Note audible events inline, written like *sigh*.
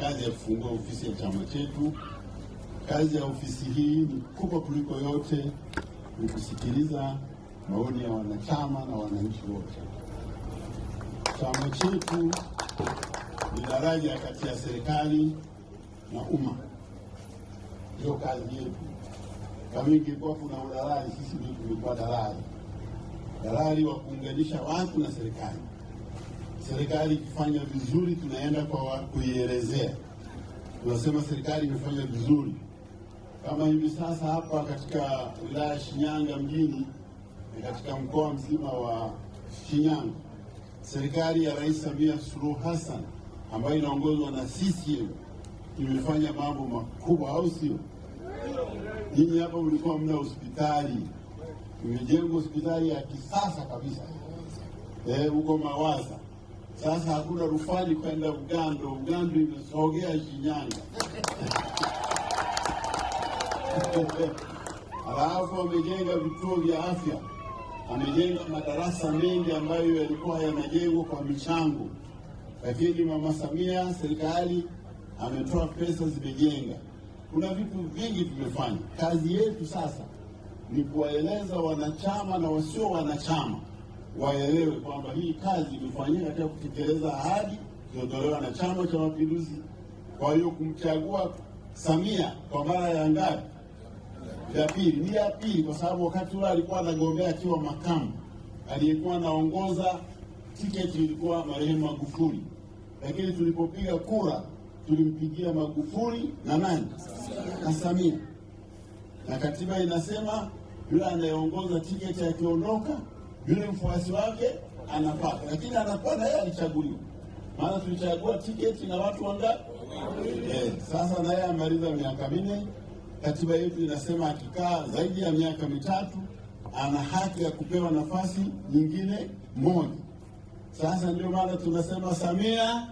kazi ya kufungua ofisi ya chama chetu. Kazi ya ofisi hii ni kubwa kuliko yote, ni kusikiliza maoni ya wanachama na wananchi wote. Chama chetu ni daraja kati ya serikali na umma, ndio kazi yetu. Kama ingekuwa kuna udalali, sisi ndio tulikuwa dalali, dalali wa kuunganisha watu na serikali serikali ikifanya vizuri, tunaenda kwa kuielezea, tunasema serikali imefanya vizuri. Kama hivi sasa hapa katika wilaya ya Shinyanga mjini na katika mkoa mzima wa Shinyanga, serikali ya Rais Samia Suluhu Hassan ambayo inaongozwa na CCM imefanya mambo makubwa, au sio? Nyinyi hapa mlikuwa mna hospitali, imejengwa hospitali ya kisasa kabisa eh, huko e, Mawaza sasa hakuna rufani kwenda Ugando, Ugando imesogea Shinyanga. *laughs* alafu amejenga vituo vya afya, amejenga madarasa mengi ambayo yalikuwa yanajengwa kwa michango, lakini mama Samia, serikali ametoa pesa, zimejenga. Kuna vitu vingi vimefanya. Kazi yetu sasa ni kuwaeleza wanachama na wasio wanachama waelewe kwamba hii kazi imefanyika katika kutekeleza ahadi zilizotolewa na Chama cha Mapinduzi. Kwa hiyo kumchagua Samia kwa mara ya ngapi? Ya pili. Ni ya pili kwa sababu wakati ule alikuwa anagombea akiwa makamu, aliyekuwa anaongoza tiketi ilikuwa marehemu Magufuli, lakini tulipopiga kura tulimpigia Magufuli na nani na Samia, na katiba inasema yule anayeongoza tiketi akiondoka yule mfuasi wake anapata, lakini anakuwa na yeye alichaguliwa, maana tulichagua tiketi na watu wanga Eh, sasa naye amaliza miaka minne. Katiba yetu inasema akikaa zaidi ya miaka mitatu ana haki ya kupewa nafasi nyingine moja. Sasa ndio maana tunasema Samia